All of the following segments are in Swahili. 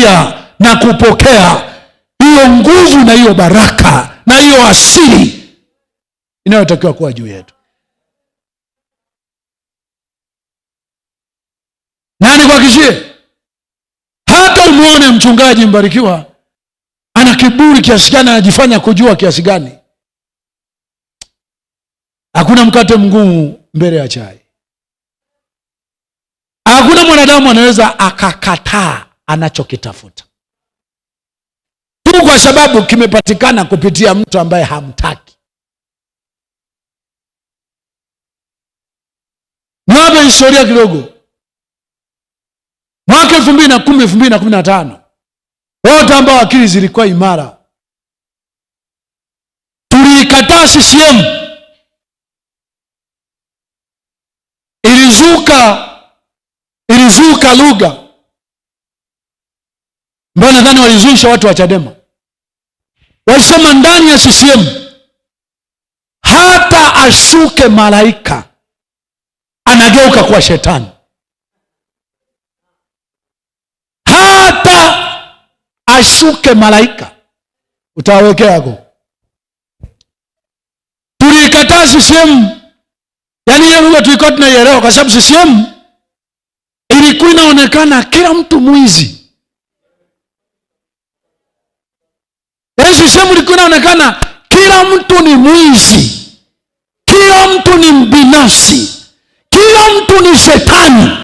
kuzuia na kupokea hiyo nguvu na hiyo baraka na hiyo asili inayotakiwa kuwa juu yetu. Nani kuhakishie? Hata umwone mchungaji Mbarikiwa ana kiburi kiasi gani, anajifanya kujua kiasi gani, hakuna mkate mgumu mbele ya chai. Hakuna mwanadamu anaweza akakataa anachokitafuta tu, kwa sababu kimepatikana kupitia mtu ambaye hamtaki. Niwape historia kidogo. Mwaka elfu mbili na kumi elfu mbili na kumi na tano wote ambao akili zilikuwa imara tuliikataa CCM. Ilizuka, ilizuka lugha kwa nadhani walizuisha watu wa Chadema, walisema ndani ya CCM hata ashuke malaika anageuka kuwa shetani, hata ashuke malaika go Tuliikataa CCM, yaani hiyo lugha tulikuwa tunaielewa, kwa sababu CCM ilikuwa inaonekana kila mtu mwizi Yesu sehemu ilikuwa inaonekana kila mtu ni mwizi, kila mtu ni mbinafsi, kila mtu ni shetani.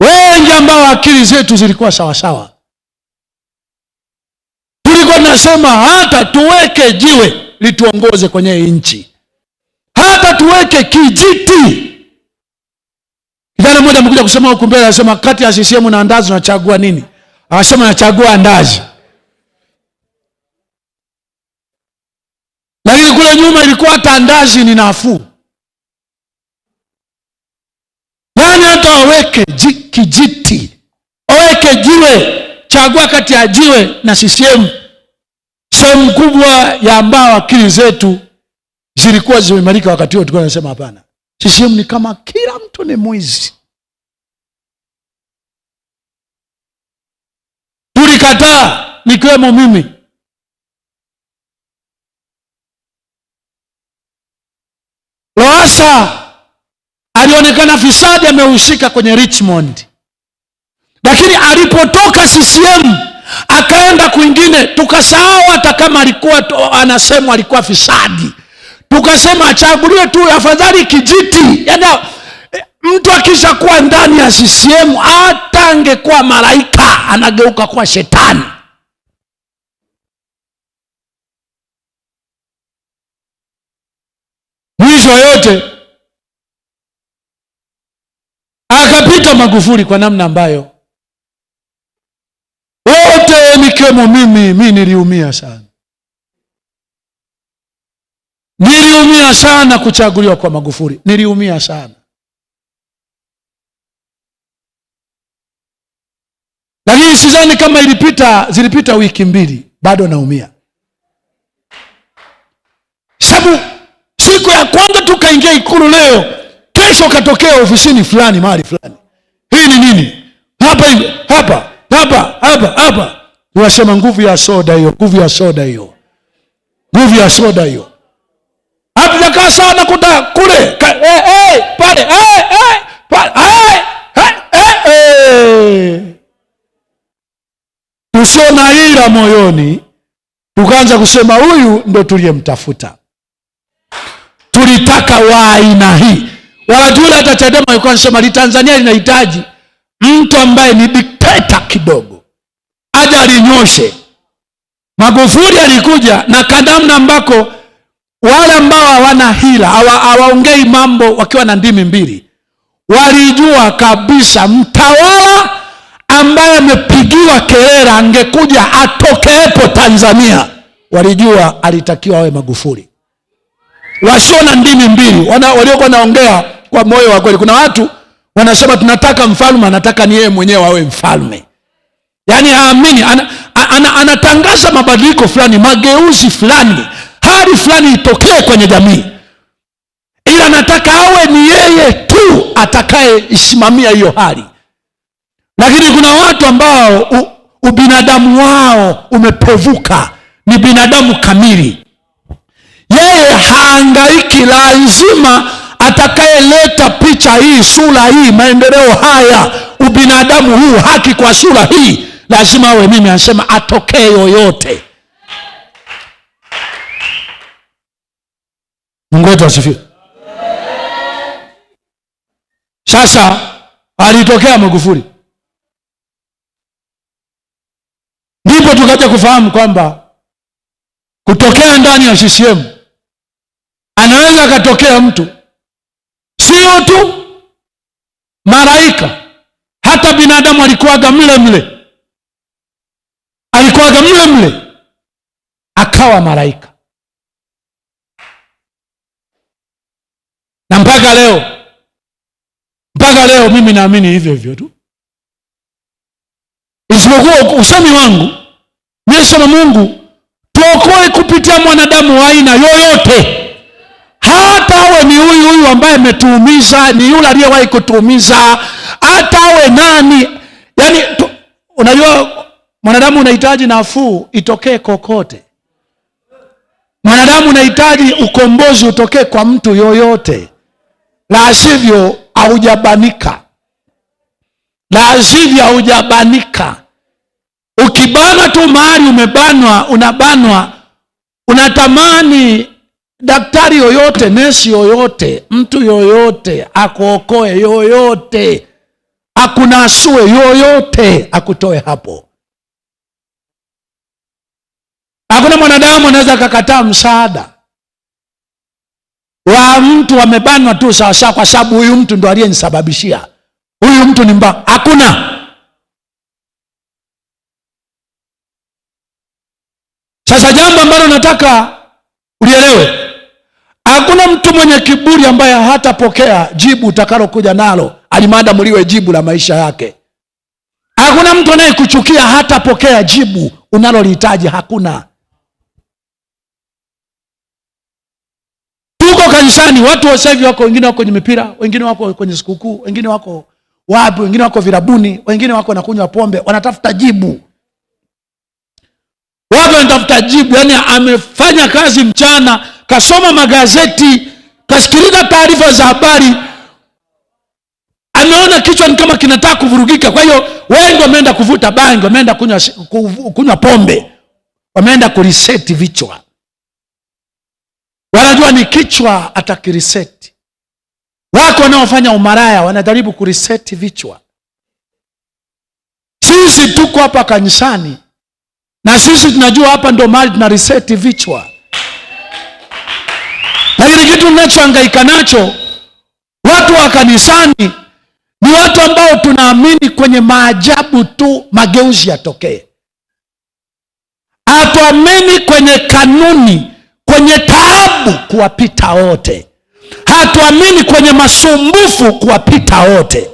Wengi ambao akili zetu zilikuwa sawasawa, tulikuwa tunasema hata tuweke jiwe lituongoze kwenye nchi, hata tuweke kijiti. Kijana mmoja amekuja kusema huku mbele, anasema kati ya sisiemu na Andazi unachagua nini? anasema nachagua ndazi lakini kule nyuma ilikuwa hata ndazi ni nafuu yaani hata waweke kijiti waweke jiwe chagua kati ya jiwe na CCM sehemu kubwa ya ambao akili zetu zilikuwa zimemalika wakati huo tulikuwa tunasema hapana CCM ni kama kila mtu ni mwizi walikataa nikiwemo mimi. loasa alionekana fisadi, amehusika kwenye Richmond, lakini alipotoka CCM akaenda kwingine, tukasahau hata kama alikuwa anasemwa alikuwa fisadi, tukasema achaguliwe tu afadhali kijiti, yani Mtu akishakuwa ndani ya sisiemu hata angekuwa malaika anageuka kuwa shetani. Mwisho yote akapita Magufuli kwa namna ambayo wote nikiwemo mimi, mi niliumia sana, niliumia sana kuchaguliwa kwa Magufuli, niliumia sana lakini sidhani kama ilipita, zilipita wiki mbili, bado naumia. sabu siku ya kwanza tukaingia Ikulu leo, kesho katokea ofisini fulani mahali fulani, hii ni nini hapa hivi hapa hapa hapa hapa, tunasema nguvu ya soda hiyo, nguvu ya soda hiyo, nguvu ya soda hiyo hapijakaa sana kuta kule eh, eh, pale eh, eh, pale eh! usio na ila moyoni, tukaanza kusema huyu ndo tuliyemtafuta, tulitaka wa aina hii. Wakati ule hata Chadema alikuwa anasema Litanzania linahitaji mtu ambaye ni dikteta kidogo, aje alinyoshe. Magufuli alikuja na kadamna ambako wale ambao hawana hila hawaongei mambo wakiwa na ndimi mbili, walijua kabisa mtawala ambaye amepigiwa kelele angekuja atokeepo Tanzania, walijua alitakiwa awe Magufuli. Washona ndimi mbili waliokuwa naongea kwa moyo wa kweli. Kuna watu wanasema tunataka mfalme, anataka ni yeye mwenyewe awe mfalme, yaani haamini ana, ana, ana, anatangaza mabadiliko fulani, mageuzi fulani, hali fulani itokee kwenye jamii, ila anataka awe ni yeye tu isimamia hiyo hali. Lakini kuna watu ambao u, ubinadamu wao umepevuka, ni binadamu kamili. Yeye haangaiki, lazima atakayeleta picha hii, sura hii, maendeleo haya, ubinadamu huu, haki kwa sura hii, lazima awe mimi. Anasema atokee yoyote. Mungu wetu asifiwe. Sasa alitokea Magufuli ndipo tukaja kufahamu kwamba kutokea ndani ya CCM anaweza akatokea mtu sio tu malaika, hata binadamu alikuwaga mle mle, alikuwaga mle mle akawa malaika, na mpaka leo, mpaka leo mimi naamini hivyo hivyo tu, isipokuwa usemi wangu Yesu Mungu, tuokoe kupitia mwanadamu wa aina yoyote, hata awe ni huyu huyu ambaye ametuumiza, ni yule aliyewahi kutuumiza, hata awe nani. Yani tu, unajua mwanadamu unahitaji nafuu itokee kokote. Mwanadamu unahitaji ukombozi utokee kwa mtu yoyote, la sivyo haujabanika, la sivyo haujabanika. Ukibana tu mahali umebanwa, unabanwa, unatamani daktari yoyote, nesi yoyote, mtu yoyote akuokoe, yoyote akunasue, yoyote akutoe hapo. Hakuna mwanadamu anaweza akakataa msaada wa mtu amebanwa tu sawasawa, kwa sababu huyu mtu ndo aliyenisababishia, huyu mtu ni mba Hakuna. Sasa jambo ambalo nataka ulielewe, hakuna mtu mwenye kiburi ambaye hatapokea jibu utakalokuja nalo, alimada liwe jibu la maisha yake. Hakuna mtu anayekuchukia hatapokea jibu unalolihitaji. Hakuna. Tuko kanisani, watu wasaivi wako wengine wako kwenye mipira, wengine wako kwenye sikukuu, wengine wako wapi, wengine wako virabuni, wengine wako nakunywa pombe, wanatafuta jibu watu wanatafuta jibu. Yani amefanya kazi mchana, kasoma magazeti, kasikiliza taarifa za habari, ameona kichwa ni kama kinataka kuvurugika. Kwa hiyo wengi wameenda kuvuta bangi, wameenda kunywa, kunywa pombe, wameenda kuriseti vichwa, wanajua ni kichwa atakiriseti. Wako wanaofanya umaraya wanajaribu kuriseti vichwa. Sisi tuko hapa kanisani na sisi tunajua hapa ndio mali tuna riseti vichwa, lakini kitu nachohangaika nacho watu wa kanisani ni watu ambao tunaamini kwenye maajabu tu mageuzi yatokee. Hatuamini kwenye kanuni, kwenye taabu kuwapita wote. Hatuamini kwenye masumbufu kuwapita wote.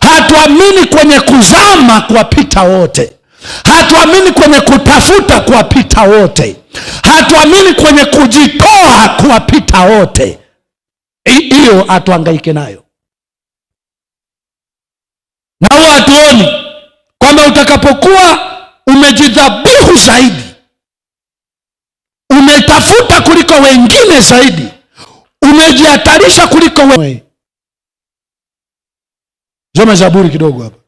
Hatuamini kwenye kuzama kuwapita wote. Hatuamini kwenye kutafuta kuwapita wote, hatuamini kwenye kujitoa kuwapita wote. Hiyo hatuangaike nayo, na huo hatuoni kwamba utakapokuwa umejidhabihu zaidi, umetafuta kuliko wengine zaidi, umejihatarisha kuliko we... Soma Zaburi kidogo hapa.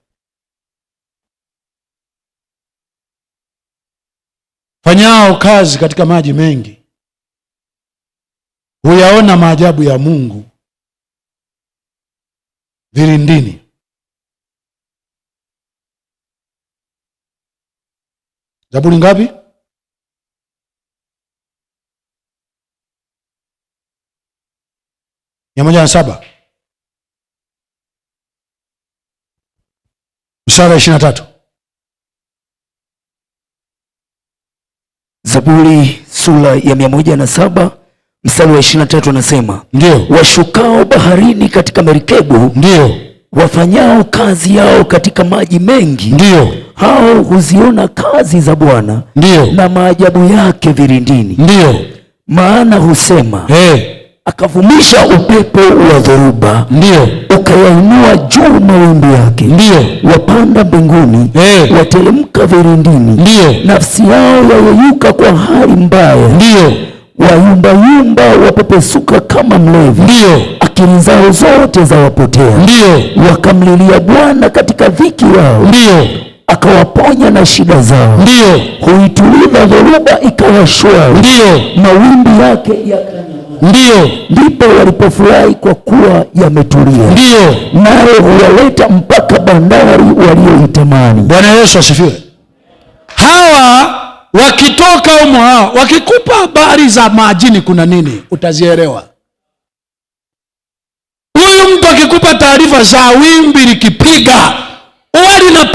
wafanyao kazi katika maji mengi huyaona maajabu ya Mungu vilindini. Zaburi ngapi? mia moja na saba msara wa tatu. Zaburi sura ya mia moja na saba mstari wa ishirini na tatu anasema ndio washukao baharini katika merikebu, ndio wafanyao kazi yao katika maji mengi, ndio hao huziona kazi za Bwana, ndio na maajabu yake vilindini, ndio maana husema hey akavumisha upepo wa dhoruba, ndio ukayainua juu mawimbi yake, ndio wapanda mbinguni, hey. Watelemka virindini ndio nafsi yao yayeyuka kwa hali mbaya, ndio wayumbayumba wapepesuka kama mlevi, ndio akili zao zote zawapotea, ndio wakamlilia Bwana katika dhiki yao, ndio akawaponya na shida zao, ndio huituliza dhoruba ikawashwa, ndio mawimbi yake yaka ndio Ndipo walipofurahi kwa kuwa yametulia. ndio nayo huyaleta mpaka bandari walioitamani. Bwana Yesu asifiwe. Hawa wakitoka umo hawa wakikupa habari za majini kuna nini, utazielewa. Huyu mtu akikupa taarifa za wimbi likipiga, huwa linapiga